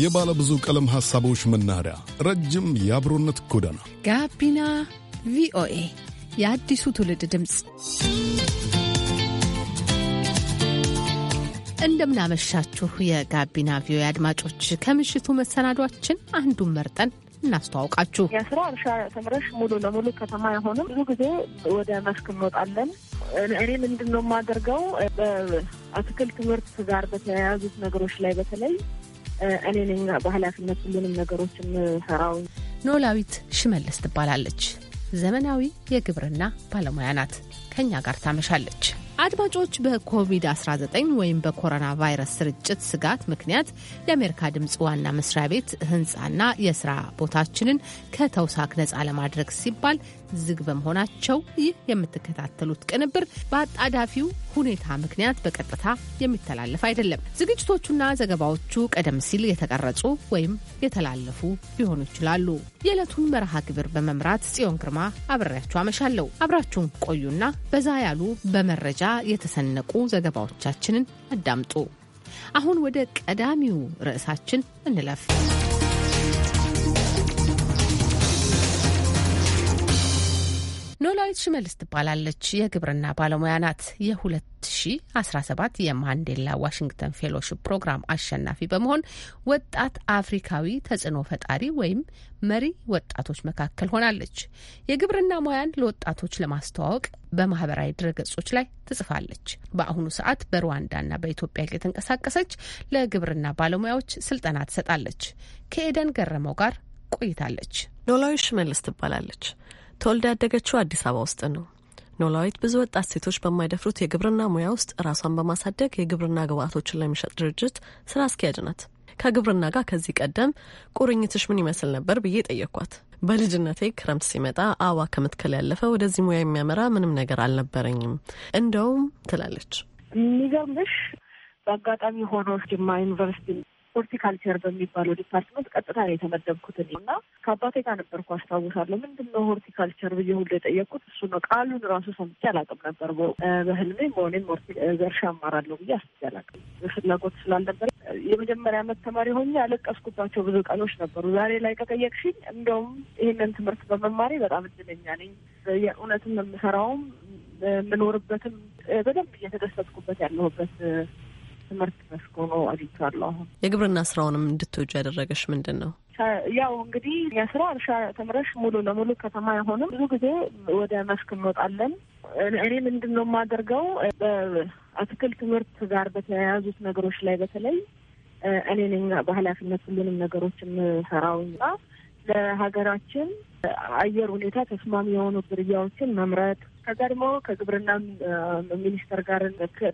የባለ ብዙ ቀለም ሐሳቦች መናኸሪያ፣ ረጅም የአብሮነት ጎዳና ጋቢና ቪኦኤ የአዲሱ ትውልድ ድምፅ። እንደምናመሻችሁ የጋቢና ቪኦኤ አድማጮች፣ ከምሽቱ መሰናዷችን አንዱን መርጠን እናስተዋውቃችሁ። የስራ እርሻ ተምረሽ ሙሉ ለሙሉ ከተማ አይሆንም። ብዙ ጊዜ ወደ መስክ እንወጣለን። እኔ ምንድን ነው የማደርገው በአትክልት ምርት ጋር በተያያዙት ነገሮች ላይ በተለይ እኔ ነኝ በኃላፊነት ሁሉንም ነገሮች የምሰራው። ኖላዊት ሽመልስ ትባላለች። ዘመናዊ የግብርና ባለሙያ ናት። ከኛ ጋር ታመሻለች። አድማጮች በኮቪድ-19 ወይም በኮሮና ቫይረስ ስርጭት ስጋት ምክንያት የአሜሪካ ድምፅ ዋና መስሪያ ቤት ህንፃና የስራ ቦታችንን ከተውሳክ ነፃ ለማድረግ ሲባል ዝግ በመሆናቸው ይህ የምትከታተሉት ቅንብር በአጣዳፊው ሁኔታ ምክንያት በቀጥታ የሚተላለፍ አይደለም። ዝግጅቶቹና ዘገባዎቹ ቀደም ሲል የተቀረጹ ወይም የተላለፉ ሊሆኑ ይችላሉ። የዕለቱን መርሃ ግብር በመምራት ጽዮን ግርማ አብሬያችሁ አመሻለሁ። አብራችሁን ቆዩና በዛ ያሉ በመረጃ የተሰነቁ ዘገባዎቻችንን አዳምጡ። አሁን ወደ ቀዳሚው ርዕሳችን እንለፍ። ኖላዊት ሽመልስ ትባላለች። የግብርና ባለሙያ ናት። የ2017 የማንዴላ ዋሽንግተን ፌሎሽፕ ፕሮግራም አሸናፊ በመሆን ወጣት አፍሪካዊ ተጽዕኖ ፈጣሪ ወይም መሪ ወጣቶች መካከል ሆናለች። የግብርና ሙያን ለወጣቶች ለማስተዋወቅ በማህበራዊ ድረገጾች ላይ ትጽፋለች። በአሁኑ ሰዓት በሩዋንዳና በኢትዮጵያ የተንቀሳቀሰች ለግብርና ባለሙያዎች ስልጠና ትሰጣለች። ከኤደን ገረመው ጋር ቆይታለች። ኖላዊ ሽመልስ ትባላለች። ተወልደ ያደገችው አዲስ አበባ ውስጥ ነው። ኖላዊት ብዙ ወጣት ሴቶች በማይደፍሩት የግብርና ሙያ ውስጥ ራሷን በማሳደግ የግብርና ግብአቶችን ለሚሸጥ ድርጅት ስራ አስኪያጅ ናት። ከግብርና ጋር ከዚህ ቀደም ቁርኝትሽ ምን ይመስል ነበር ብዬ ጠየኳት። በልጅነቴ ክረምት ሲመጣ አበባ ከመትከል ያለፈ ወደዚህ ሙያ የሚያመራ ምንም ነገር አልነበረኝም እንደውም ትላለች። የሚገርምሽ በአጋጣሚ ሆኖ ጅማ ዩኒቨርሲቲ ሆርቲካልቸር በሚባለው ዲፓርትመንት ቀጥታ ነው የተመደብኩት እና ከአባቴ ጋር ነበርኩ አስታውሳለሁ። ምንድን ነው ሆርቲካልቸር ብዬ ሁሉ የጠየቅኩት እሱ ነው። ቃሉን ራሱ ሰምቼ አላውቅም ነበር። በህልሜ መሆኔም እርሻ አማራለሁ ብዬ አስቤ አላውቅም። ፍላጎት ስላልነበር የመጀመሪያ አመት ተማሪ ሆኜ ያለቀስኩባቸው ብዙ ቀኖች ነበሩ። ዛሬ ላይ ከጠየቅሽኝ እንደውም ይህንን ትምህርት በመማሬ በጣም እድለኛ ነኝ። የእውነትም የምሰራውም የምኖርበትም በደንብ እየተደሰጥኩበት ያለሁበት በትምህርት መስክ ሆኖ አግኝቻለሁ። አሁን የግብርና ስራውንም እንድትወጅ ያደረገሽ ምንድን ነው? ያው እንግዲህ የስራ እርሻ ተምረሽ ሙሉ ለሙሉ ከተማ አይሆንም። ብዙ ጊዜ ወደ መስክ እንወጣለን። እኔ ምንድን ነው የማደርገው በአትክልት ትምህርት ጋር በተያያዙት ነገሮች ላይ በተለይ እኔ ነኝ በኃላፊነት ሁሉንም ነገሮች የምሰራው እና ለሀገራችን አየር ሁኔታ ተስማሚ የሆኑ ዝርያዎችን መምረጥ ከዛ ደግሞ ከግብርና ሚኒስቴር ጋር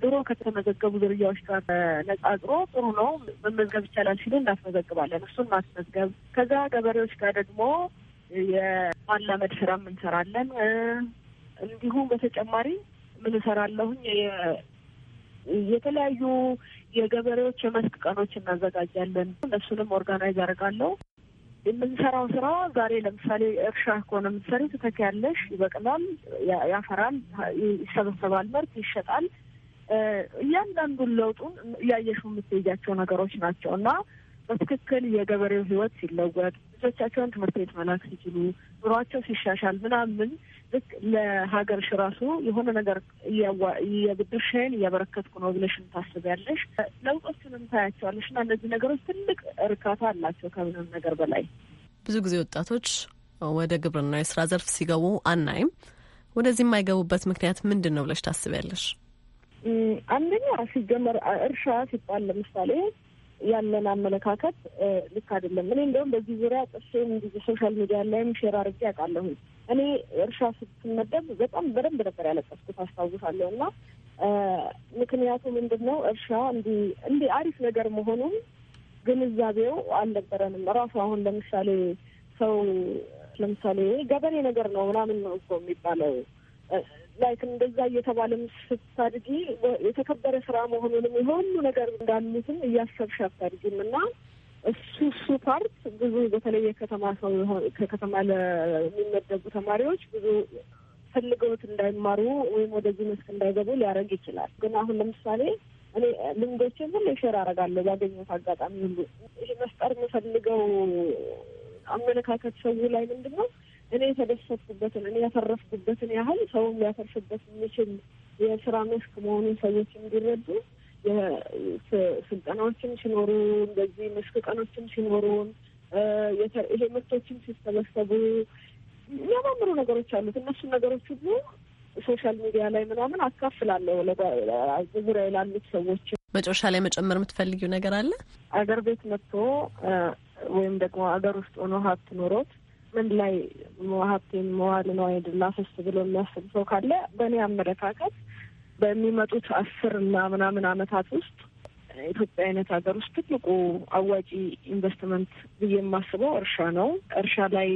ድሮ ከተመዘገቡ ዝርያዎች ጋር ነጻጽሮ ጥሩ ነው መመዝገብ ይቻላል ሲሉ እናስመዘግባለን። እሱን ማስመዝገብ ከዛ ገበሬዎች ጋር ደግሞ የማላመድ ስራም እንሰራለን። እንዲሁም በተጨማሪ ምን እሰራለሁኝ የተለያዩ የገበሬዎች የመስክ ቀኖች እናዘጋጃለን። እነሱንም ኦርጋናይዝ አደርጋለሁ። የምንሰራው ስራ ዛሬ ለምሳሌ እርሻ ከሆነ ትተክ ያለሽ ይበቅላል፣ ያፈራል፣ ይሰበሰባል፣ ምርት ይሸጣል። እያንዳንዱን ለውጡን እያየሹ የምትሄጃቸው ነገሮች ናቸው እና በትክክል የገበሬው ህይወት ሲለወጥ ልጆቻቸውን ትምህርት ቤት መላክ ሲችሉ ኑሯቸው ሲሻሻል ምናምን ልክ ለሀገርሽ ራሱ የሆነ ነገር የብድርሽን እያበረከትኩ ነው ብለሽን ታስቢያለሽ። ለውጦችንም ታያቸዋለሽ እና እነዚህ ነገሮች ትልቅ እርካታ አላቸው ከምንም ነገር በላይ። ብዙ ጊዜ ወጣቶች ወደ ግብርና የስራ ዘርፍ ሲገቡ አናይም። ወደዚህ የማይገቡበት ምክንያት ምንድን ነው ብለሽ ታስቢያለሽ? አንደኛ ሲጀመር እርሻ ሲባል ለምሳሌ ያለን አመለካከት ልክ አይደለም። እኔ እንደውም በዚህ ዙሪያ ጥሴም ጊዜ ሶሻል ሚዲያ ላይም ሼር አድርጌ ያውቃለሁ። እኔ እርሻ ስትመደብ በጣም በደንብ ነበር ያለቀስኩት አስታውሳለሁ። እና ምክንያቱ ምንድን ነው? እርሻ እንዲ አሪፍ ነገር መሆኑን ግንዛቤው አልነበረንም። ራሱ አሁን ለምሳሌ ሰው ለምሳሌ ገበሬ ነገር ነው ምናምን ነው እኮ የሚባለው ላይክ እንደዛ እየተባለም ስታድጊ የተከበረ ስራ መሆኑንም የሆኑ ነገር እንዳሉትም እያሰብሽ አታድጊም እና እሱ እሱ ፓርት ብዙ በተለይ የከተማ ሰው ከከተማ ለሚመደቡ ተማሪዎች ብዙ ፈልገውት እንዳይማሩ ወይም ወደዚህ መስክ እንዳይገቡ ሊያደርግ ይችላል። ግን አሁን ለምሳሌ እኔ ልምዶችን ሁሉ ሼር አደርጋለሁ ባገኘሁት አጋጣሚ ሁሉ። ይህ መፍጠር የምፈልገው አመለካከት ሰው ላይ ምንድን ነው እኔ የተደሰትኩበትን እኔ ያተረፍኩበትን ያህል ሰውም ሊያተርፍበት የሚችል የስራ መስክ መሆኑን ሰዎች እንዲረዱ ስልጠናዎችም ሲኖሩ እንደዚህ መስክ ቀኖችም ሲኖሩን ይሄ ምርቶችም ሲሰበሰቡ የሚያማምሩ ነገሮች አሉት። እነሱን ነገሮች ሁሉ ሶሻል ሚዲያ ላይ ምናምን አካፍላለሁ ዙሪያ ላሉት ሰዎች። መጨረሻ ላይ መጨመር የምትፈልጊው ነገር አለ? አገር ቤት መጥቶ ወይም ደግሞ አገር ውስጥ ሆኖ ሀብት ኖሮት ምን ላይ ሀብቴን መዋል ነው አይደል አፈስ ብሎ የሚያስብ ሰው ካለ በእኔ አመለካከት በሚመጡት አስር እና ምናምን አመታት ውስጥ ኢትዮጵያ አይነት ሀገር ውስጥ ትልቁ አዋጪ ኢንቨስትመንት ብዬ የማስበው እርሻ ነው። እርሻ ላይ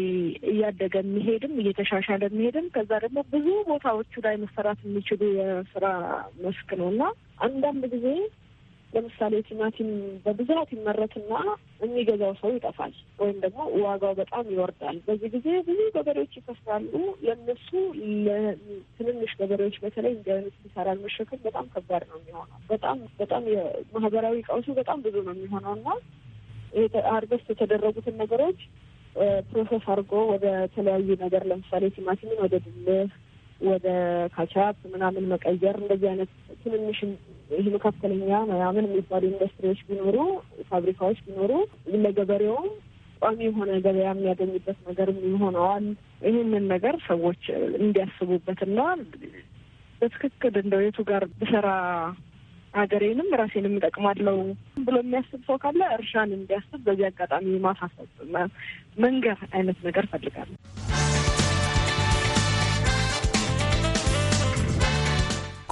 እያደገ የሚሄድም እየተሻሻለ የሚሄድም ከዛ ደግሞ ብዙ ቦታዎቹ ላይ መሰራት የሚችሉ የስራ መስክ ነው እና አንዳንድ ጊዜ ለምሳሌ ቲማቲም በብዛት ይመረትና የሚገዛው ሰው ይጠፋል፣ ወይም ደግሞ ዋጋው በጣም ይወርዳል። በዚህ ጊዜ ብዙ ገበሬዎች ይከስራሉ። ለእነሱ ለትንንሽ ገበሬዎች በተለይ እንዲህ አይነት ኪሳራን መሸከም በጣም ከባድ ነው የሚሆነው። በጣም በጣም የማህበራዊ ቀውሱ በጣም ብዙ ነው የሚሆነው እና አርገስት የተደረጉትን ነገሮች ፕሮሰስ አድርጎ ወደ ተለያዩ ነገር ለምሳሌ ቲማቲምን ወደ ድልህ ወደ ካቻፕ ምናምን መቀየር እንደዚህ አይነት ትንንሽ ይህ መካከለኛ ምናምን የሚባሉ ኢንዱስትሪዎች ቢኖሩ ፋብሪካዎች ቢኖሩ ለገበሬውም ቋሚ የሆነ ገበያ የሚያገኝበት ነገር ይሆነዋል። ይህንን ነገር ሰዎች እንዲያስቡበት እና በትክክል እንደው የቱ ጋር ብሰራ ሀገሬንም ራሴንም እጠቅማለሁ ብሎ የሚያስብ ሰው ካለ እርሻን እንዲያስብ በዚህ አጋጣሚ ማሳሰብ መንገር አይነት ነገር ፈልጋለሁ።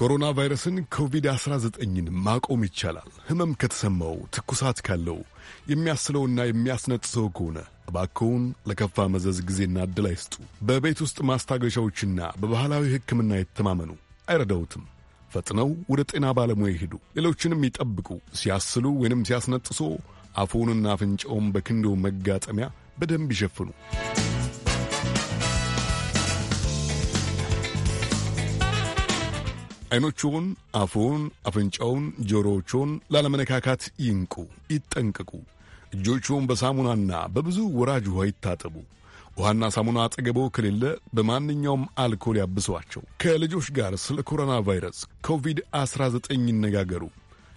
ኮሮና ቫይረስን ኮቪድ-19ን ማቆም ይቻላል። ህመም ከተሰማው፣ ትኩሳት ካለው፣ የሚያስለውና የሚያስነጥሰው ከሆነ እባክዎን ለከፋ መዘዝ ጊዜና ዕድል አይስጡ። በቤት ውስጥ ማስታገሻዎችና በባህላዊ ሕክምና የተማመኑ አይረዳውትም። ፈጥነው ወደ ጤና ባለሙያ ይሄዱ። ሌሎችንም ይጠብቁ። ሲያስሉ ወይንም ሲያስነጥሶ አፉንና አፍንጫውን በክንዶ መጋጠሚያ በደንብ ይሸፍኑ። አይኖቹን፣ አፉን፣ አፍንጫውን፣ ጆሮዎቹን ላለመነካካት ይንቁ፣ ይጠንቀቁ። እጆቹን በሳሙናና በብዙ ወራጅ ውሃ ይታጠቡ። ውሃና ሳሙና አጠገቦ ከሌለ በማንኛውም አልኮል ያብሷቸው። ከልጆች ጋር ስለ ኮሮና ቫይረስ ኮቪድ-19 ይነጋገሩ።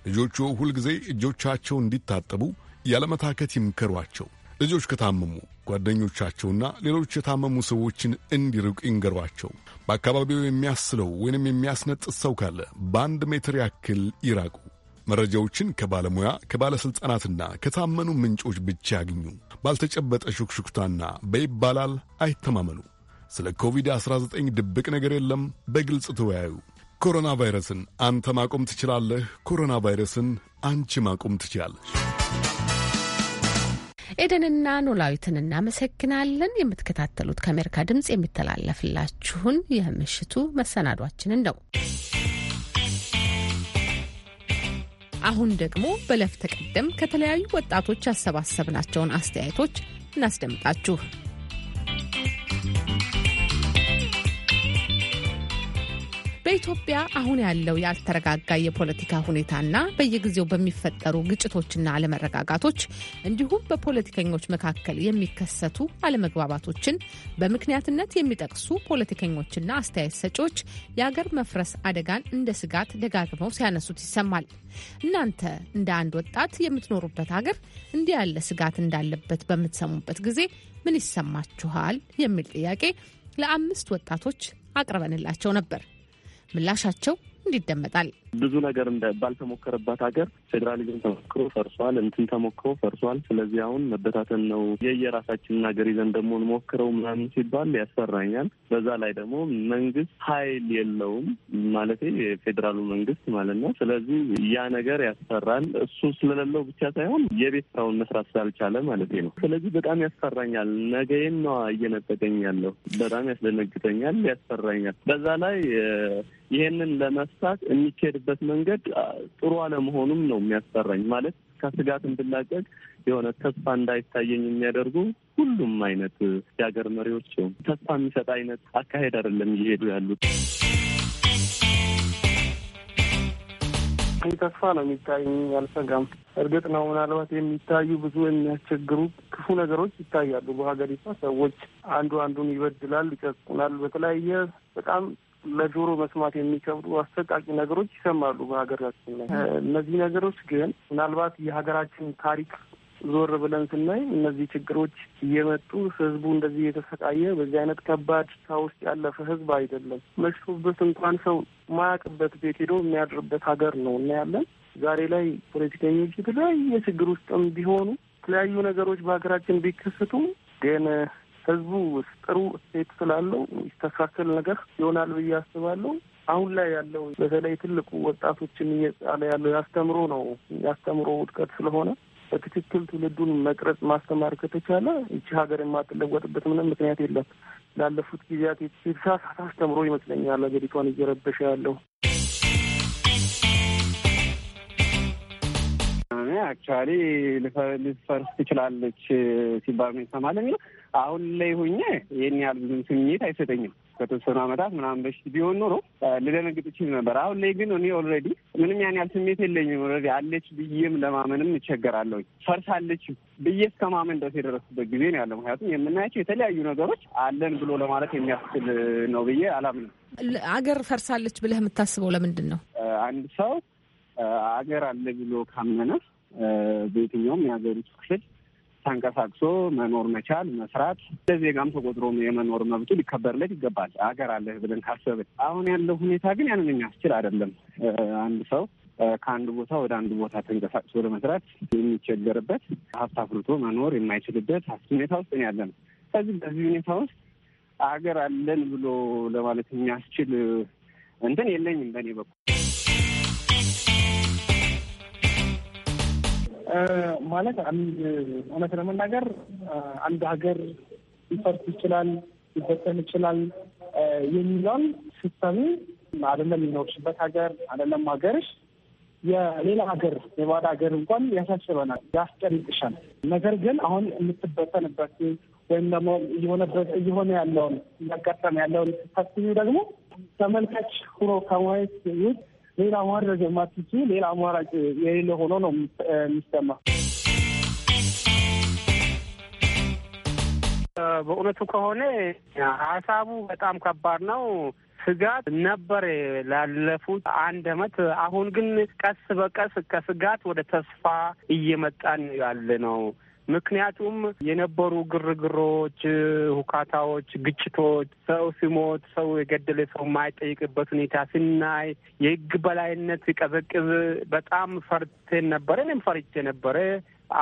ልጆቹ ሁልጊዜ እጆቻቸው እንዲታጠቡ ያለመታከት ይምከሯቸው። ልጆች ከታመሙ ጓደኞቻቸውና ሌሎች የታመሙ ሰዎችን እንዲርቅ ይንገሯቸው። በአካባቢው የሚያስለው ወይንም የሚያስነጥስ ሰው ካለ በአንድ ሜትር ያክል ይራቁ። መረጃዎችን ከባለሙያ ከባለሥልጣናትና ከታመኑ ምንጮች ብቻ ያግኙ። ባልተጨበጠ ሹክሹክታና በይባላል አይተማመኑ። ስለ ኮቪድ-19 ድብቅ ነገር የለም፣ በግልጽ ተወያዩ። ኮሮና ቫይረስን አንተ ማቆም ትችላለህ። ኮሮና ቫይረስን አንቺ ማቆም ትችላለች። ኤደንና ኖላዊትን እናመሰግናለን። የምትከታተሉት ከአሜሪካ ድምጽ የሚተላለፍላችሁን የምሽቱ መሰናዷችንን ነው። አሁን ደግሞ በለፍ ተቀደም ከተለያዩ ወጣቶች ያሰባሰብናቸውን አስተያየቶች እናስደምጣችሁ። በኢትዮጵያ አሁን ያለው ያልተረጋጋ የፖለቲካ ሁኔታና በየጊዜው በሚፈጠሩ ግጭቶችና አለመረጋጋቶች እንዲሁም በፖለቲከኞች መካከል የሚከሰቱ አለመግባባቶችን በምክንያትነት የሚጠቅሱ ፖለቲከኞችና አስተያየት ሰጪዎች የአገር መፍረስ አደጋን እንደ ስጋት ደጋግመው ሲያነሱት ይሰማል። እናንተ እንደ አንድ ወጣት የምትኖሩበት ሀገር እንዲህ ያለ ስጋት እንዳለበት በምትሰሙበት ጊዜ ምን ይሰማችኋል? የሚል ጥያቄ ለአምስት ወጣቶች አቅርበንላቸው ነበር። ምላሻቸው እንዲደመጣል ብዙ ነገር ባልተሞከረባት ሀገር ፌዴራሊዝም ተሞክሮ ፈርሷል፣ እንትን ተሞክሮ ፈርሷል። ስለዚህ አሁን መበታተን ነው የየራሳችንን ሀገር ይዘን ደግሞ እንሞክረው ምናምን ሲባል ያስፈራኛል። በዛ ላይ ደግሞ መንግስት ኃይል የለውም ማለት የፌዴራሉ መንግስት ማለት ነው። ስለዚህ ያ ነገር ያስፈራል። እሱ ስለሌለው ብቻ ሳይሆን የቤት ስራውን መስራት ስላልቻለ ማለት ነው። ስለዚህ በጣም ያስፈራኛል። ነገዬን ነዋ እየነጠቀኝ ያለው በጣም ያስደነግጠኛል፣ ያስፈራኛል። በዛ ላይ ይሄንን ለመፍታት የሚኬድ የምንሄድበት መንገድ ጥሩ አለመሆኑም ነው የሚያስፈራኝ። ማለት ከስጋት እንድላቀቅ የሆነ ተስፋ እንዳይታየኝ የሚያደርጉ ሁሉም አይነት የሀገር መሪዎች ተስፋ የሚሰጥ አይነት አካሄድ አይደለም እየሄዱ ያሉት። ተስፋ ነው የሚታየኝ፣ አልሰጋም። እርግጥ ነው ምናልባት የሚታዩ ብዙ የሚያስቸግሩ ክፉ ነገሮች ይታያሉ በሀገሪቷ። ሰዎች አንዱ አንዱን ይበድላል፣ ይጨቁናል። በተለያየ በጣም ለጆሮ መስማት የሚከብዱ አሰቃቂ ነገሮች ይሰማሉ በሀገራችን ላይ። እነዚህ ነገሮች ግን ምናልባት የሀገራችን ታሪክ ዞር ብለን ስናይ እነዚህ ችግሮች እየመጡ ህዝቡ እንደዚህ የተሰቃየ በዚህ አይነት ከባድ ታ ውስጥ ያለፈ ህዝብ አይደለም። መሽቶበት እንኳን ሰው ማያውቅበት ቤት ሄዶ የሚያድርበት ሀገር ነው እናያለን። ዛሬ ላይ ፖለቲከኞች የተለያየ ችግር ውስጥም ቢሆኑ የተለያዩ ነገሮች በሀገራችን ቢከሰቱ ግን ህዝቡ ጥሩ እሴት ስላለው ይስተካከል ነገር ይሆናል ብዬ አስባለሁ። አሁን ላይ ያለው በተለይ ትልቁ ወጣቶችን እየጫነ ያለው ያስተምሮ ነው። ያስተምሮ ውድቀት ስለሆነ በትክክል ትውልዱን መቅረጽ ማስተማር ከተቻለ ይቺ ሀገር የማትለወጥበት ምንም ምክንያት የለም። ላለፉት ጊዜያት የተሳሳተ አስተምሮ ይመስለኛል ሀገሪቷን እየረበሸ ያለው። አክቹዋሊ ልፈርስ ትችላለች ሲባል ነው ይሰማል። አሁን ላይ ሁኜ ይህን ያህል ብዙም ስሜት አይሰጠኝም። ከተወሰኑ ዓመታት ምናምን በፊት ቢሆን ኖሮ ልደነግጥ ችል ነበር። አሁን ላይ ግን እኔ ኦልሬዲ ምንም ያን ያህል ስሜት የለኝም። ኦልሬዲ አለች ብዬም ለማመንም እቸገራለሁ። ፈርሳለች ብዬ እስከ ማመን ድረስ የደረስበት ጊዜ ነው ያለ። ምክንያቱም የምናያቸው የተለያዩ ነገሮች አለን ብሎ ለማለት የሚያስችል ነው ብዬ አላምንም። አገር ፈርሳለች ብለህ የምታስበው ለምንድን ነው? አንድ ሰው አገር አለ ብሎ ካመነ በየትኛውም የሀገሪቱ ክፍል ተንቀሳቅሶ መኖር መቻል መስራት ለዜጋም ተቆጥሮ የመኖር መብቱ ሊከበርለት ይገባል። አገር አለህ ብለን ካሰብን አሁን ያለው ሁኔታ ግን ያንን የሚያስችል አይደለም። አንድ ሰው ከአንድ ቦታ ወደ አንድ ቦታ ተንቀሳቅሶ ለመስራት የሚቸገርበት ሀብት አፍርቶ መኖር የማይችልበት ሁኔታ ውስጥ ነው ነው። ስለዚህ በዚህ ሁኔታ ውስጥ አገር አለን ብሎ ለማለት የሚያስችል እንትን የለኝም በእኔ በኩል። ማለት አንድ እውነት ለመናገር አንድ ሀገር ሊፈርስ ይችላል፣ ሊበተን ይችላል የሚለውን ሲስተሚ አደለም የሚኖርሽበት ሀገር አደለም ሀገርሽ የሌላ ሀገር የባድ ሀገር እንኳን ያሳስበናል፣ ያስጨንቅሻል። ነገር ግን አሁን የምትበተንበት ወይም ደግሞ እየሆነበት እየሆነ ያለውን እያጋጠመ ያለውን ስታስቢ ደግሞ ተመልካች ሁኖ ከማየት ውጭ ሌላ ማድረግ የማትችል ሌላ አማራጭ የሌለ ሆኖ ነው የሚሰማ። በእውነቱ ከሆነ ሀሳቡ በጣም ከባድ ነው። ስጋት ነበር ላለፉት አንድ አመት። አሁን ግን ቀስ በቀስ ከስጋት ወደ ተስፋ እየመጣን ያለ ነው። ምክንያቱም የነበሩ ግርግሮች፣ ሁካታዎች፣ ግጭቶች፣ ሰው ሲሞት ሰው የገደለ ሰው የማይጠይቅበት ሁኔታ ስናይ የህግ በላይነት ሲቀዘቅዝ በጣም ፈርቴን ነበረ። እኔም ፈርቼ ነበረ።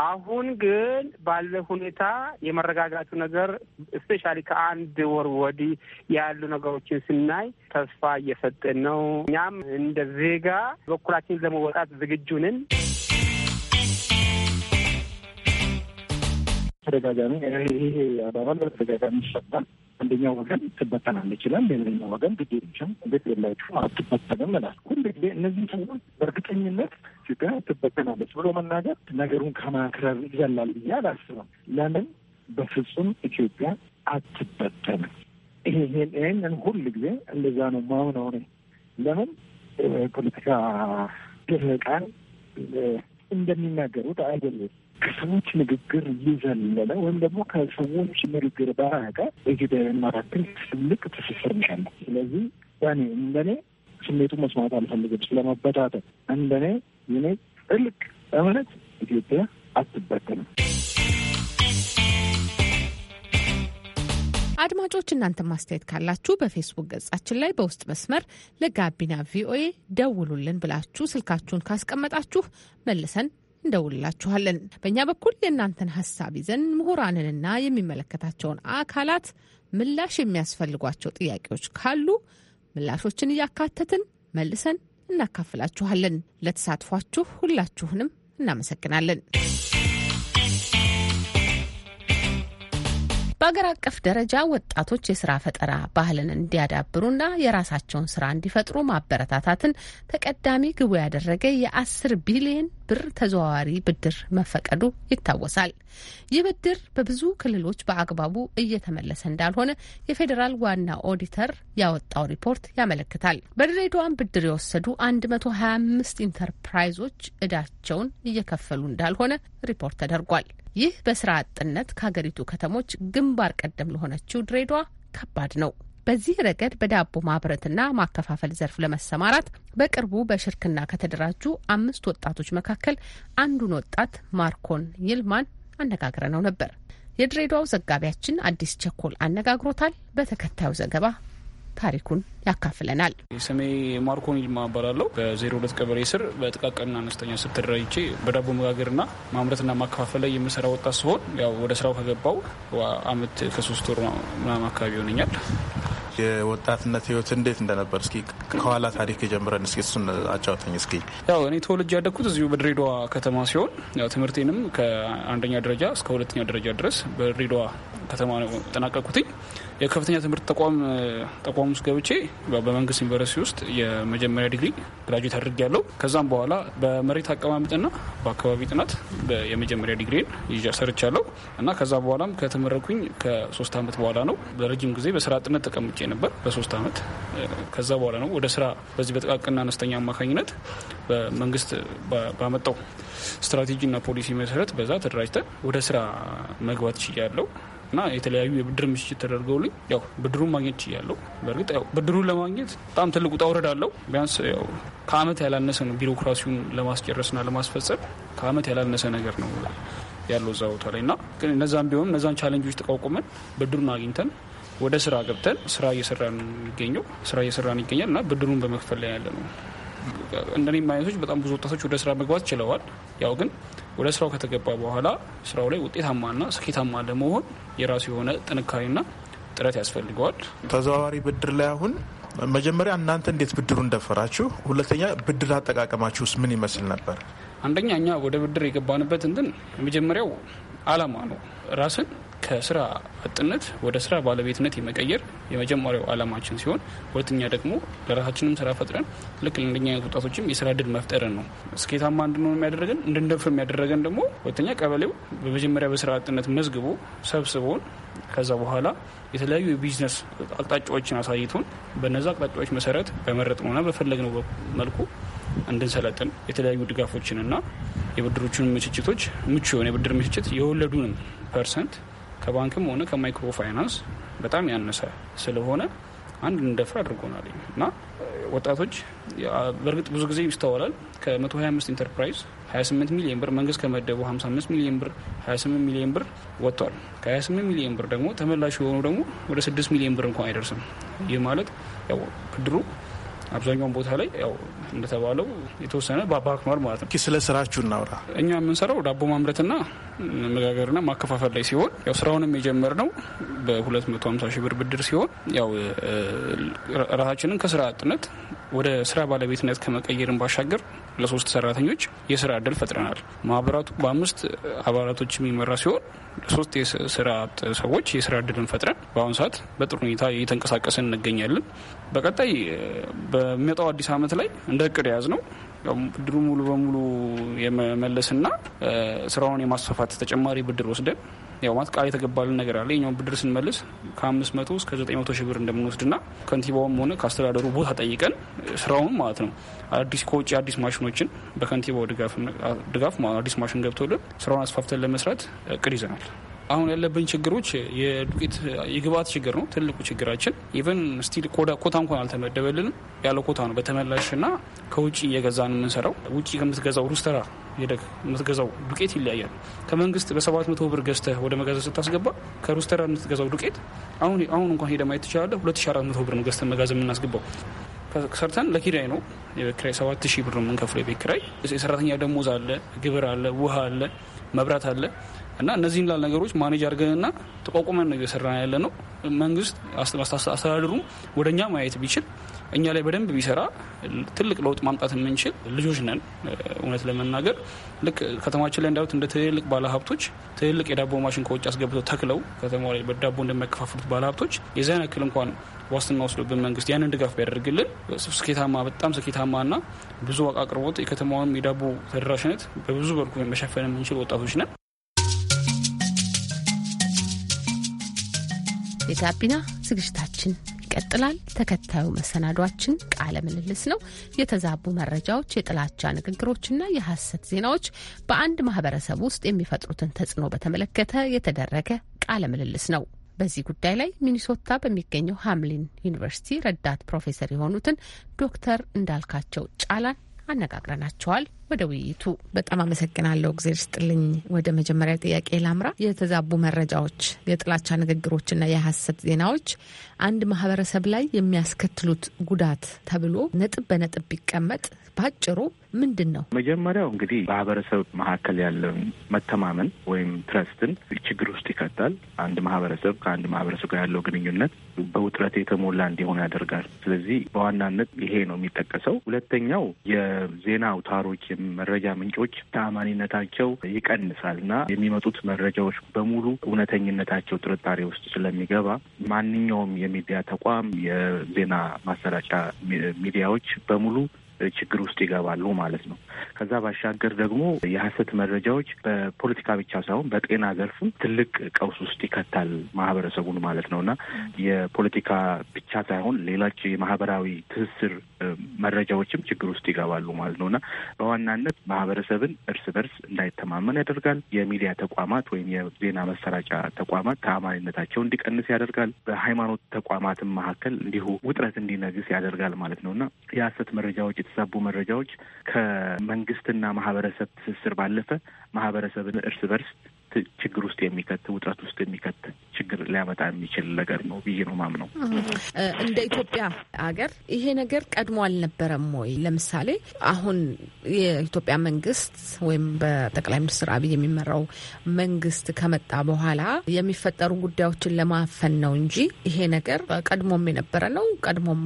አሁን ግን ባለ ሁኔታ የመረጋጋቱ ነገር እስፔሻሊ ከአንድ ወር ወዲህ ያሉ ነገሮችን ስናይ ተስፋ እየሰጠን ነው። እኛም እንደ ዜጋ በኩላችን ለመወጣት ዝግጁ ነን። በተደጋጋሚ ይሄ አባባል በተደጋጋሚ ይሰጣል። አንደኛው ወገን ትበተናል ይችላል፣ ሌላኛው ወገን ግዴችም እንዴት የላችሁ አትበተንም ላል ሁል ጊዜ እነዚህ ሰዎች በእርግጠኝነት ኢትዮጵያ ትበተናለች ብሎ መናገር ነገሩን ከማክረር ይዘላል ብዬ አላስብም። ለምን በፍጹም ኢትዮጵያ አትበተንም። ይህንን ሁል ጊዜ እንደዛ ነው ማምነው እኔ ለምን ፖለቲካ ድርቃን እንደሚናገሩት አይደለም ከሰዎች ንግግር እየዘለለ ወይም ደግሞ ከሰዎች ንግግር በራቀ በኢትዮጵያውያን መካከል ትልቅ ትስስር ነው ያለው። ስለዚህ ያኔ እንደኔ ስሜቱ መስማት አልፈልግም ስለመበታተን። እንደኔ የኔ ጥልቅ እምነት ኢትዮጵያ አትበተንም። አድማጮች እናንተ ማስተያየት ካላችሁ በፌስቡክ ገጻችን ላይ በውስጥ መስመር ለጋቢና ቪኦኤ ደውሉልን ብላችሁ ስልካችሁን ካስቀመጣችሁ መልሰን እንደውልላችኋለን። በእኛ በኩል የእናንተን ሀሳብ ይዘን ምሁራንንና የሚመለከታቸውን አካላት ምላሽ የሚያስፈልጓቸው ጥያቄዎች ካሉ ምላሾችን እያካተትን መልሰን እናካፍላችኋለን። ለተሳትፏችሁ ሁላችሁንም እናመሰግናለን። በአገር አቀፍ ደረጃ ወጣቶች የስራ ፈጠራ ባህልን እንዲያዳብሩና የራሳቸውን ስራ እንዲፈጥሩ ማበረታታትን ተቀዳሚ ግቡ ያደረገ የአስር ቢሊየን ብር ተዘዋዋሪ ብድር መፈቀዱ ይታወሳል። ይህ ብድር በብዙ ክልሎች በአግባቡ እየተመለሰ እንዳልሆነ የፌዴራል ዋና ኦዲተር ያወጣው ሪፖርት ያመለክታል። በድሬዳዋን ብድር የወሰዱ 125 ኢንተርፕራይዞች እዳቸውን እየከፈሉ እንዳልሆነ ሪፖርት ተደርጓል። ይህ በስራ አጥነት ከሀገሪቱ ከተሞች ግንባር ቀደም ለሆነችው ድሬዳዋ ከባድ ነው። በዚህ ረገድ በዳቦ ማብረትና ማከፋፈል ዘርፍ ለመሰማራት በቅርቡ በሽርክና ከተደራጁ አምስት ወጣቶች መካከል አንዱን ወጣት ማርኮን ይልማን አነጋግረ ነው ነበር። የድሬዳዋው ዘጋቢያችን አዲስ ቸኮል አነጋግሮታል። በተከታዩ ዘገባ ታሪኩን ያካፍለናል። ስሜ ማርኮን ይልማ እባላለሁ። በ02 ቀበሌ ስር በጥቃቅንና አነስተኛ ስር ተደራጅቼ በዳቦ መጋገርና ማምረትና ማከፋፈል ላይ የምሰራ ወጣት ሲሆን ያው ወደ ስራው ከገባው አመት ከሶስት ወር ምናምን አካባቢ ይሆነኛል። የወጣትነት ህይወት እንዴት እንደነበር እስኪ ከኋላ ታሪክ የጀምረን እስኪ እሱን አጫውተኝ እስኪ። ያው እኔ ተወልጄ ያደግኩት እዚሁ በድሬዳዋ ከተማ ሲሆን ያው ትምህርቴንም ከአንደኛ ደረጃ እስከ ሁለተኛ ደረጃ ድረስ በድሬዳዋ ከተማ ነው ጠናቀቅኩትኝ። የከፍተኛ ትምህርት ተቋም ተቋም ውስጥ ገብቼ በመንግስት ዩኒቨርሲቲ ውስጥ የመጀመሪያ ዲግሪ ግራጁዌት ያለው ከዛም በኋላ በመሬት አቀማመጥና በአካባቢ ጥናት የመጀመሪያ ዲግሪን ይዤ ሰርቻለሁ እና ከዛ በኋላም ከተመረኩኝ ከሶስት ዓመት በኋላ ነው። በረጅም ጊዜ በስራ አጥነት ተቀምጬ ነበር በሶስት አመት። ከዛ በኋላ ነው ወደ ስራ በዚህ በጥቃቅንና አነስተኛ አማካኝነት በመንግስት ባመጣው ስትራቴጂና ፖሊሲ መሰረት በዛ ተደራጅተን ወደ ስራ መግባት ችያለሁ። እና የተለያዩ የብድር ምሽት ተደርገውልኝ ያው ብድሩን ማግኘት ችያለሁ። በእርግጥ ያው ብድሩን ለማግኘት በጣም ትልቁ ውጣ አለው። ቢያንስ ያው ከአመት ያላነሰ ነው ቢሮክራሲውን ለማስጨረስና ለማስፈጸም ከአመት ያላነሰ ነገር ነው ያለው እዛ ቦታ ላይ እና ግን እነዛም ቢሆን እነዛን ቻለንጆች ተቋቁመን ብድሩን አግኝተን ወደ ስራ ገብተን ስራ እየሰራን ይገኘው ስራ እየሰራን ይገኛል እና ብድሩን በመክፈል ላይ ያለ ነው። እንደኔም አይነቶች በጣም ብዙ ወጣቶች ወደ ስራ መግባት ችለዋል። ያው ግን ወደ ስራው ከተገባ በኋላ ስራው ላይ ውጤታማና ስኬታማ ለመሆን የራሱ የሆነ ጥንካሬና ጥረት ያስፈልገዋል። ተዘዋዋሪ ብድር ላይ አሁን መጀመሪያ እናንተ እንዴት ብድሩን እንደፈራችሁ፣ ሁለተኛ ብድር አጠቃቀማችሁ ውስጥ ምን ይመስል ነበር? አንደኛ እኛ ወደ ብድር የገባንበት እንትን የመጀመሪያው አላማ ነው። ራስን ከስራ አጥነት ወደ ስራ ባለቤትነት የመቀየር የመጀመሪያው ዓላማችን ሲሆን ሁለተኛ ደግሞ ለራሳችንም ስራ ፈጥረን ልክ ለእንደኛ አይነት ወጣቶችም የስራ እድል መፍጠርን ነው። ስኬታማ እንድንሆን የሚያደረገን እንድንደፍር የሚያደረገን ደግሞ ሁለተኛ ቀበሌው በመጀመሪያ በስራ አጥነት መዝግቦ ሰብስቦን ከዛ በኋላ የተለያዩ የቢዝነስ አቅጣጫዎችን አሳይቶን በነዛ አቅጣጫዎች መሰረት በመረጥነውና በፈለግነው መልኩ እንድንሰለጥን የተለያዩ ድጋፎችንና የብድሮቹን ምችችቶች ምቹ የሆነ የብድር ምችችት የወለዱንም ፐርሰንት ከባንክም ሆነ ከማይክሮ ፋይናንስ በጣም ያነሰ ስለሆነ አንድ እንደፍር አድርጎናል እና ወጣቶች በእርግጥ ብዙ ጊዜ ይስተዋላል። ከ125 ኢንተርፕራይዝ 28 ሚሊዮን ብር መንግስት ከመደቡ 55 ሚሊዮን ብር 28 ሚሊዮን ብር ወጥቷል። ከ28 ሚሊዮን ብር ደግሞ ተመላሽ የሆኑ ደግሞ ወደ 6 ሚሊዮን ብር እንኳን አይደርስም። ይህ ማለት ያው ብድሩ አብዛኛውን ቦታ ላይ ያው እንደተባለው የተወሰነ በአክማር ማለት ነው። ስለ ስራችሁ እናውራ። እኛ የምንሰራው ዳቦ ማምረትና መጋገርና ማከፋፈል ላይ ሲሆን ያው ስራውንም የጀመርነው በ250 ሺህ ብር ብድር ሲሆን ያው ራሳችንን ከስራ አጥነት ወደ ስራ ባለቤትነት ከመቀየርን ባሻገር ለሶስት ሰራተኞች የስራ እድል ፈጥረናል። ማህበራቱ በአምስት አባላቶች የሚመራ ሲሆን ለሶስት የስራ ሰዎች የስራ እድልን ፈጥረን በአሁኑ ሰዓት በጥሩ ሁኔታ እየተንቀሳቀስን እንገኛለን። በቀጣይ በሚመጣው አዲስ አመት ላይ እንደ እቅድ የያዝ ነው ብድሩ ሙሉ በሙሉ የመመለስና ስራውን የማስፋፋት ተጨማሪ ብድር ወስደን ያው ማለት ቃል የተገባልን ነገር አለ። የኛውን ብድር ስንመልስ ከአምስት መቶ እስከ ዘጠኝ መቶ ሺህ ብር እንደምንወስድና ከንቲባውም ሆነ ከአስተዳደሩ ቦታ ጠይቀን ስራውን ማለት ነው አዲስ ከውጭ አዲስ ማሽኖችን በከንቲባው ድጋፍ አዲስ ማሽን ገብቶልን ስራውን አስፋፍተን ለመስራት እቅድ ይዘናል። አሁን ያለብን ችግሮች የዱቄት የግብአት ችግር ነው ትልቁ ችግራችን። ኢቨን ስቲል ኮዳ ኮታ እንኳን አልተመደበልንም። ያለ ኮታ ነው በተመላሽና ከውጭ እየገዛን የምንሰራው። ውጭ ከምትገዛው ሩስተራ ሄደህ የምትገዛው ዱቄት ይለያያል። ከመንግስት በሰባት መቶ ብር ገዝተ ወደ መጋዘን ስታስገባ ከሩስተራ የምትገዛው ዱቄት አሁን አሁን እንኳን ሄደ ማየት ትችላለ። ሁለት ሺህ አራት መቶ ብር ነው ገዝተ መጋዘን የምናስገባው። ሰርተን ለኪራይ ነው የቤት ሰባት ሺህ ብር ነው የምንከፍለው የቤት የሰራተኛ ደሞዝ አለ፣ ግብር አለ፣ ውሃ አለ፣ መብራት አለ። እና እነዚህን ላል ነገሮች ማኔጅ አድርገንና ተቋቁመን ነው እየሰራ ያለ ነው። መንግስት አስተዳደሩ ወደ እኛ ማየት ቢችል እኛ ላይ በደንብ ቢሰራ ትልቅ ለውጥ ማምጣት የምንችል ልጆች ነን። እውነት ለመናገር ልክ ከተማችን ላይ እንዳሉት እንደ ትልልቅ ባለሀብቶች ትልልቅ የዳቦ ማሽን ከውጭ አስገብተው ተክለው ከተማ ላይ በዳቦ እንደሚያከፋፍሉት ባለሀብቶች የዚያን ያክል እንኳን ዋስትና ወስዶብን መንግስት ያንን ድጋፍ ቢያደርግልን ስኬታማ በጣም ስኬታማ ና ብዙ አቅርቦት የከተማውን የዳቦ ተደራሽነት በብዙ በልኩ መሸፈን የምንችል ወጣቶች ነን። የጋቢና ዝግጅታችን ይቀጥላል። ተከታዩ መሰናዷችን ቃለ ምልልስ ነው። የተዛቡ መረጃዎች፣ የጥላቻ ንግግሮችና የሐሰት ዜናዎች በአንድ ማህበረሰብ ውስጥ የሚፈጥሩትን ተጽዕኖ በተመለከተ የተደረገ ቃለ ምልልስ ነው። በዚህ ጉዳይ ላይ ሚኒሶታ በሚገኘው ሀምሊን ዩኒቨርሲቲ ረዳት ፕሮፌሰር የሆኑትን ዶክተር እንዳልካቸው ጫላን አነጋግረናቸዋል። ወደ ውይይቱ። በጣም አመሰግናለሁ። እግዜር ስጥልኝ። ወደ መጀመሪያ ጥያቄ ላምራ። የተዛቡ መረጃዎች፣ የጥላቻ ንግግሮችና የሐሰት ዜናዎች አንድ ማህበረሰብ ላይ የሚያስከትሉት ጉዳት ተብሎ ነጥብ በነጥብ ቢቀመጥ ባጭሩ ምንድን ነው? መጀመሪያው እንግዲህ ማህበረሰብ መካከል ያለውን መተማመን ወይም ትረስትን ችግር ውስጥ ይከታል። አንድ ማህበረሰብ ከአንድ ማህበረሰብ ጋር ያለው ግንኙነት በውጥረት የተሞላ እንዲሆን ያደርጋል። ስለዚህ በዋናነት ይሄ ነው የሚጠቀሰው። ሁለተኛው የዜና አውታሮች መረጃ ምንጮች ተአማኒነታቸው ይቀንሳል እና የሚመጡት መረጃዎች በሙሉ እውነተኝነታቸው ጥርጣሬ ውስጥ ስለሚገባ ማንኛውም የሚዲያ ተቋም የዜና ማሰራጫ ሚዲያዎች በሙሉ ችግር ውስጥ ይገባሉ ማለት ነው። ከዛ ባሻገር ደግሞ የሀሰት መረጃዎች በፖለቲካ ብቻ ሳይሆን በጤና ዘርፍም ትልቅ ቀውስ ውስጥ ይከታል ማህበረሰቡን ማለት ነው እና የፖለቲካ ብቻ ሳይሆን ሌሎች የማህበራዊ ትስስር መረጃዎችም ችግር ውስጥ ይገባሉ ማለት ነው እና በዋናነት ማህበረሰብን እርስ በርስ እንዳይተማመን ያደርጋል። የሚዲያ ተቋማት ወይም የዜና መሰራጫ ተቋማት ተአማኒነታቸው እንዲቀንስ ያደርጋል። በሃይማኖት ተቋማትም መካከል እንዲሁ ውጥረት እንዲነግስ ያደርጋል ማለት ነው እና የሀሰት መረጃዎች የተዛቡ መረጃዎች ከመንግስትና ማህበረሰብ ትስስር ባለፈ ማህበረሰብን እርስ በርስ ችግር ውስጥ የሚከት ውጥረት ውስጥ የሚከት ችግር ሊያመጣ የሚችል ነገር ነው ብዬ ነው ማምነው። እንደ ኢትዮጵያ ሀገር ይሄ ነገር ቀድሞ አልነበረም ወይ? ለምሳሌ አሁን የኢትዮጵያ መንግስት ወይም በጠቅላይ ሚኒስትር አብይ የሚመራው መንግስት ከመጣ በኋላ የሚፈጠሩ ጉዳዮችን ለማፈን ነው እንጂ ይሄ ነገር ቀድሞም የነበረ ነው ቀድሞም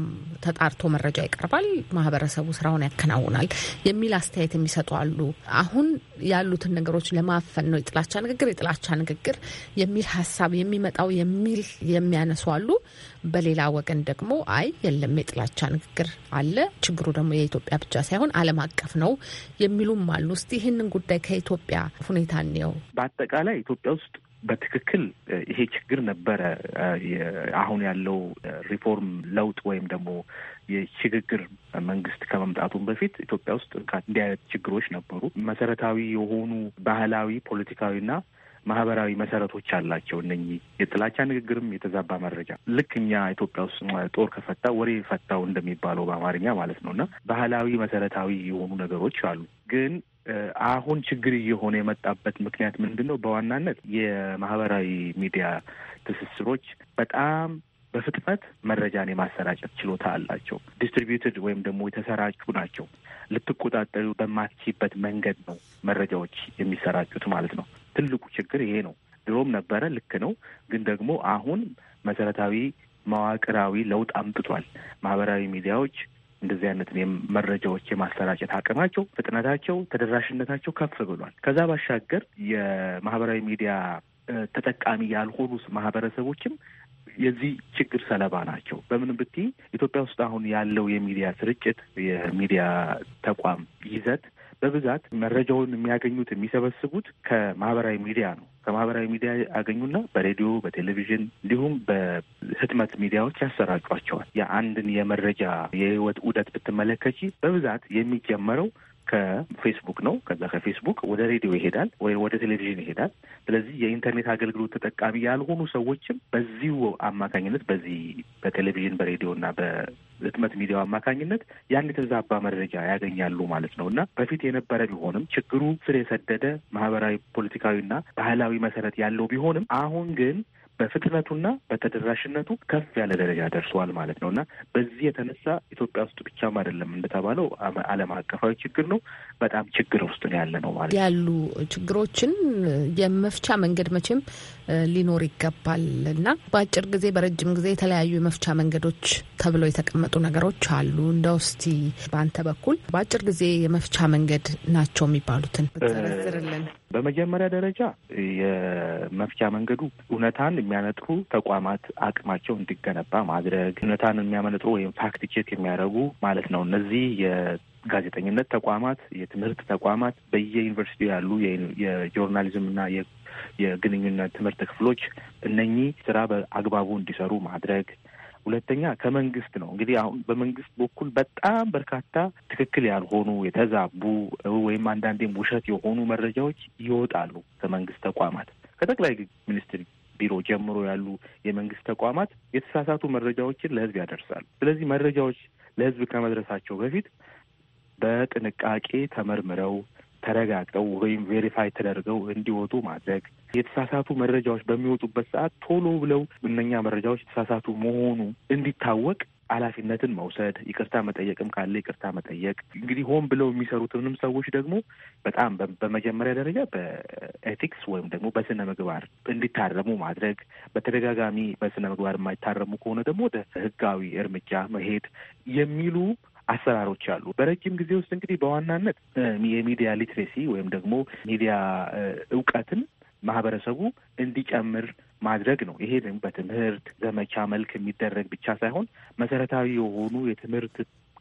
ተጣርቶ መረጃ ይቀርባል፣ ማህበረሰቡ ስራውን ያከናውናል የሚል አስተያየት የሚሰጡ አሉ። አሁን ያሉትን ነገሮች ለማፈን ነው የጥላቻ ንግግር የጥላቻ ንግግር የሚል ሀሳብ የሚመጣው የሚል የሚያነሱ አሉ። በሌላ ወገን ደግሞ አይ የለም የጥላቻ ንግግር አለ፣ ችግሩ ደግሞ የኢትዮጵያ ብቻ ሳይሆን ዓለም አቀፍ ነው የሚሉም አሉ። እስቲ ይህንን ጉዳይ ከኢትዮጵያ ሁኔታ እንየው። በአጠቃላይ ኢትዮጵያ ውስጥ በትክክል ይሄ ችግር ነበረ። አሁን ያለው ሪፎርም ለውጥ ወይም ደግሞ የሽግግር መንግስት ከመምጣቱን በፊት ኢትዮጵያ ውስጥ እንዲህ አይነት ችግሮች ነበሩ። መሰረታዊ የሆኑ ባህላዊ፣ ፖለቲካዊና ማህበራዊ መሰረቶች አላቸው። እነኚህ የጥላቻ ንግግርም፣ የተዛባ መረጃ ልክ እኛ ኢትዮጵያ ውስጥ ጦር ከፈታ ወሬ ፈታው እንደሚባለው በአማርኛ ማለት ነው እና ባህላዊ መሰረታዊ የሆኑ ነገሮች አሉ ግን አሁን ችግር እየሆነ የመጣበት ምክንያት ምንድን ነው? በዋናነት የማህበራዊ ሚዲያ ትስስሮች በጣም በፍጥነት መረጃን የማሰራጨት ችሎታ አላቸው። ዲስትሪቢዩትድ ወይም ደግሞ የተሰራጩ ናቸው። ልትቆጣጠሩ በማትችበት መንገድ ነው መረጃዎች የሚሰራጩት ማለት ነው። ትልቁ ችግር ይሄ ነው። ድሮም ነበረ፣ ልክ ነው። ግን ደግሞ አሁን መሰረታዊ መዋቅራዊ ለውጥ አምጥቷል። ማህበራዊ ሚዲያዎች እንደዚህ አይነት መረጃዎች የማሰራጨት አቅማቸው፣ ፍጥነታቸው፣ ተደራሽነታቸው ከፍ ብሏል። ከዛ ባሻገር የማህበራዊ ሚዲያ ተጠቃሚ ያልሆኑ ማህበረሰቦችም የዚህ ችግር ሰለባ ናቸው። በምን ብትይ ኢትዮጵያ ውስጥ አሁን ያለው የሚዲያ ስርጭት የሚዲያ ተቋም ይዘት በብዛት መረጃውን የሚያገኙት የሚሰበስቡት ከማህበራዊ ሚዲያ ነው። ከማህበራዊ ሚዲያ ያገኙና በሬዲዮ፣ በቴሌቪዥን እንዲሁም በህትመት ሚዲያዎች ያሰራጯቸዋል። የአንድን የመረጃ የህይወት ውደት ብትመለከች በብዛት የሚጀመረው ከፌስቡክ ነው። ከዛ ከፌስቡክ ወደ ሬዲዮ ይሄዳል ወይም ወደ ቴሌቪዥን ይሄዳል። ስለዚህ የኢንተርኔት አገልግሎት ተጠቃሚ ያልሆኑ ሰዎችም በዚሁ አማካኝነት በዚህ በቴሌቪዥን በሬዲዮ እና በህትመት ሚዲያው አማካኝነት ያን የተዛባ መረጃ ያገኛሉ ማለት ነው እና በፊት የነበረ ቢሆንም ችግሩ ስር የሰደደ ማህበራዊ፣ ፖለቲካዊና ባህላዊ መሰረት ያለው ቢሆንም አሁን ግን በፍጥነቱና በተደራሽነቱ ከፍ ያለ ደረጃ ደርሰዋል ማለት ነው እና በዚህ የተነሳ ኢትዮጵያ ውስጥ ብቻም አይደለም እንደተባለው ዓለም አቀፋዊ ችግር ነው። በጣም ችግር ውስጥ ነው ያለ ነው ማለት ያሉ ችግሮችን የመፍቻ መንገድ መቼም ሊኖር ይገባል እና በአጭር ጊዜ በረጅም ጊዜ የተለያዩ የመፍቻ መንገዶች ተብለው የተቀመጡ ነገሮች አሉ። እንደ ውስቲ በአንተ በኩል በአጭር ጊዜ የመፍቻ መንገድ ናቸው የሚባሉትን ዘረዝርልን። በመጀመሪያ ደረጃ የመፍቻ መንገዱ እውነታን የሚያነጥሩ ተቋማት አቅማቸው እንዲገነባ ማድረግ፣ እውነታን የሚያመነጥሩ ወይም ፋክት ቼክ የሚያደርጉ ማለት ነው። እነዚህ የጋዜጠኝነት ተቋማት፣ የትምህርት ተቋማት፣ በየዩኒቨርሲቲ ያሉ የጆርናሊዝም እና የግንኙነት ትምህርት ክፍሎች እነኚህ ስራ በአግባቡ እንዲሰሩ ማድረግ ሁለተኛ ከመንግስት ነው። እንግዲህ አሁን በመንግስት በኩል በጣም በርካታ ትክክል ያልሆኑ የተዛቡ ወይም አንዳንዴም ውሸት የሆኑ መረጃዎች ይወጣሉ ከመንግስት ተቋማት ከጠቅላይ ሚኒስትር ቢሮ ጀምሮ ያሉ የመንግስት ተቋማት የተሳሳቱ መረጃዎችን ለህዝብ ያደርሳሉ። ስለዚህ መረጃዎች ለህዝብ ከመድረሳቸው በፊት በጥንቃቄ ተመርምረው ተረጋግጠው ወይም ቬሪፋይ ተደርገው እንዲወጡ ማድረግ የተሳሳቱ መረጃዎች በሚወጡበት ሰዓት ቶሎ ብለው እነኛ መረጃዎች የተሳሳቱ መሆኑ እንዲታወቅ ኃላፊነትን መውሰድ ይቅርታ መጠየቅም ካለ ይቅርታ መጠየቅ። እንግዲህ ሆን ብለው የሚሰሩትንም ሰዎች ደግሞ በጣም በመጀመሪያ ደረጃ በኤቲክስ ወይም ደግሞ በስነ ምግባር እንዲታረሙ ማድረግ፣ በተደጋጋሚ በስነ ምግባር የማይታረሙ ከሆነ ደግሞ ወደ ሕጋዊ እርምጃ መሄድ የሚሉ አሰራሮች አሉ። በረጅም ጊዜ ውስጥ እንግዲህ በዋናነት የሚዲያ ሊትሬሲ ወይም ደግሞ ሚዲያ እውቀትን ማህበረሰቡ እንዲጨምር ማድረግ ነው። ይሄ በትምህርት ዘመቻ መልክ የሚደረግ ብቻ ሳይሆን መሰረታዊ የሆኑ የትምህርት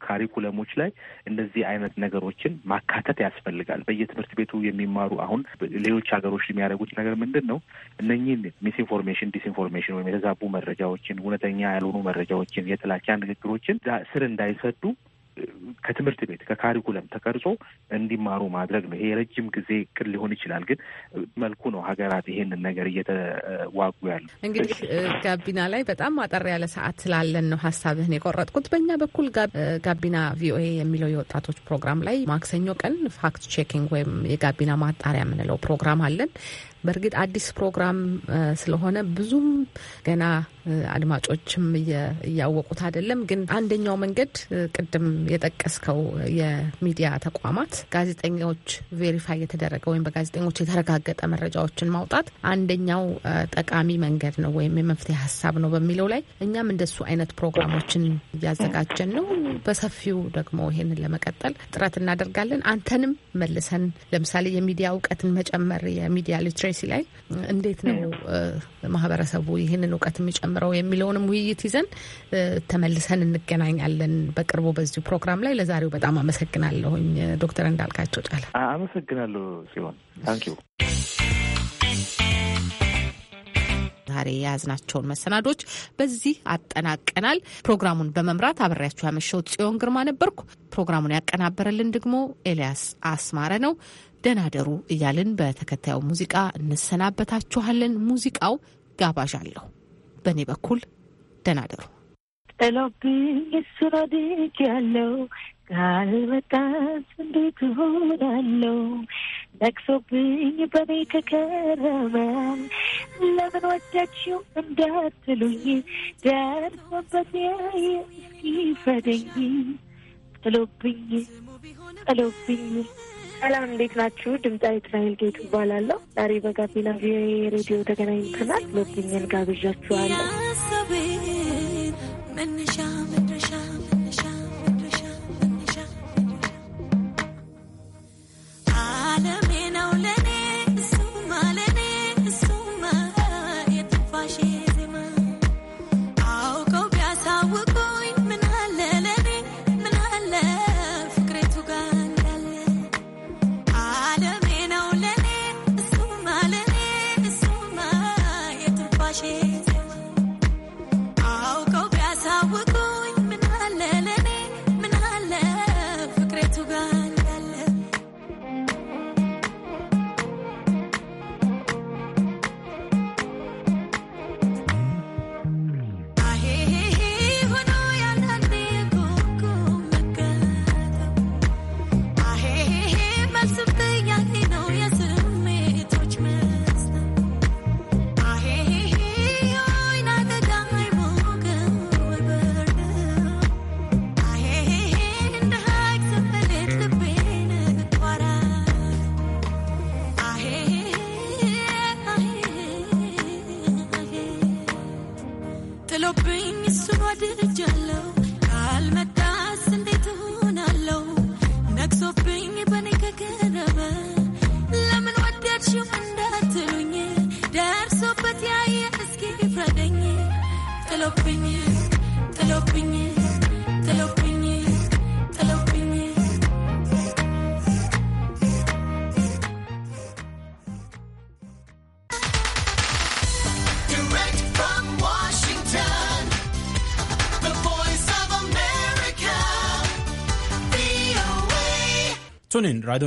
ካሪኩለሞች ላይ እንደዚህ አይነት ነገሮችን ማካተት ያስፈልጋል። በየትምህርት ቤቱ የሚማሩ አሁን ሌሎች ሀገሮች የሚያደርጉት ነገር ምንድን ነው? እነኚህን ሚስኢንፎርሜሽን፣ ዲስኢንፎርሜሽን ወይም የተዛቡ መረጃዎችን፣ እውነተኛ ያልሆኑ መረጃዎችን፣ የጥላቻ ንግግሮችን ስር እንዳይሰዱ ከትምህርት ቤት ከካሪኩለም ተቀርጾ እንዲማሩ ማድረግ ነው። ይሄ የረጅም ጊዜ እቅድ ሊሆን ይችላል፣ ግን መልኩ ነው ሀገራት ይሄንን ነገር እየተዋጉ ያሉ። እንግዲህ ጋቢና ላይ በጣም አጠር ያለ ሰዓት ስላለን ነው ሀሳብህን የቆረጥኩት። በእኛ በኩል ጋቢና ቪኦኤ የሚለው የወጣቶች ፕሮግራም ላይ ማክሰኞ ቀን ፋክት ቼኪንግ ወይም የጋቢና ማጣሪያ የምንለው ፕሮግራም አለን። በእርግጥ አዲስ ፕሮግራም ስለሆነ ብዙም ገና አድማጮችም እያወቁት አይደለም። ግን አንደኛው መንገድ ቅድም የጠቀስከው የሚዲያ ተቋማት ጋዜጠኞች ቬሪፋይ የተደረገ ወይም በጋዜጠኞች የተረጋገጠ መረጃዎችን ማውጣት አንደኛው ጠቃሚ መንገድ ነው ወይም የመፍትሄ ሀሳብ ነው በሚለው ላይ እኛም እንደሱ አይነት ፕሮግራሞችን እያዘጋጀን ነው። በሰፊው ደግሞ ይሄንን ለመቀጠል ጥረት እናደርጋለን። አንተንም መልሰን ለምሳሌ የሚዲያ እውቀትን መጨመር የሚዲያ ሊትሬ ፖሊሲ ላይ እንዴት ነው ማህበረሰቡ ይህንን እውቀት የሚጨምረው የሚለውንም ውይይት ይዘን ተመልሰን እንገናኛለን በቅርቡ በዚሁ ፕሮግራም ላይ። ለዛሬው በጣም አመሰግናለሁኝ ዶክተር እንዳልካቸው ጫለ። አመሰግናለሁ ሲሆን ታንኪው። ዛሬ የያዝናቸውን መሰናዶች በዚህ አጠናቀናል። ፕሮግራሙን በመምራት አብሬያችሁ ያመሸሁት ጽዮን ግርማ ነበርኩ። ፕሮግራሙን ያቀናበረልን ደግሞ ኤልያስ አስማረ ነው። ደናደሩ እያልን በተከታዩ ሙዚቃ እንሰናበታችኋለን። ሙዚቃው ጋባዥ አለሁ። በእኔ በኩል ደናደሩ ጥሎብኝ እሱን ወድቅ ያለው ካልመጣስ እንዴት እሆናለሁ? ነቅሶብኝ በኔ ከከረመ ለምን ወዳችው እንዳትሉኝ ደርሶበት ያየ እስኪ ጥሎብኝ ጥሎብኝ ሰላም እንዴት ናችሁ? ድምጻዊት ናይል ጌቱ እባላለሁ። ዛሬ በጋቢና ቪኦኤ ሬዲዮ ተገናኝተናል። ሎኪኛን ጋብዣችኋለሁ። Right on.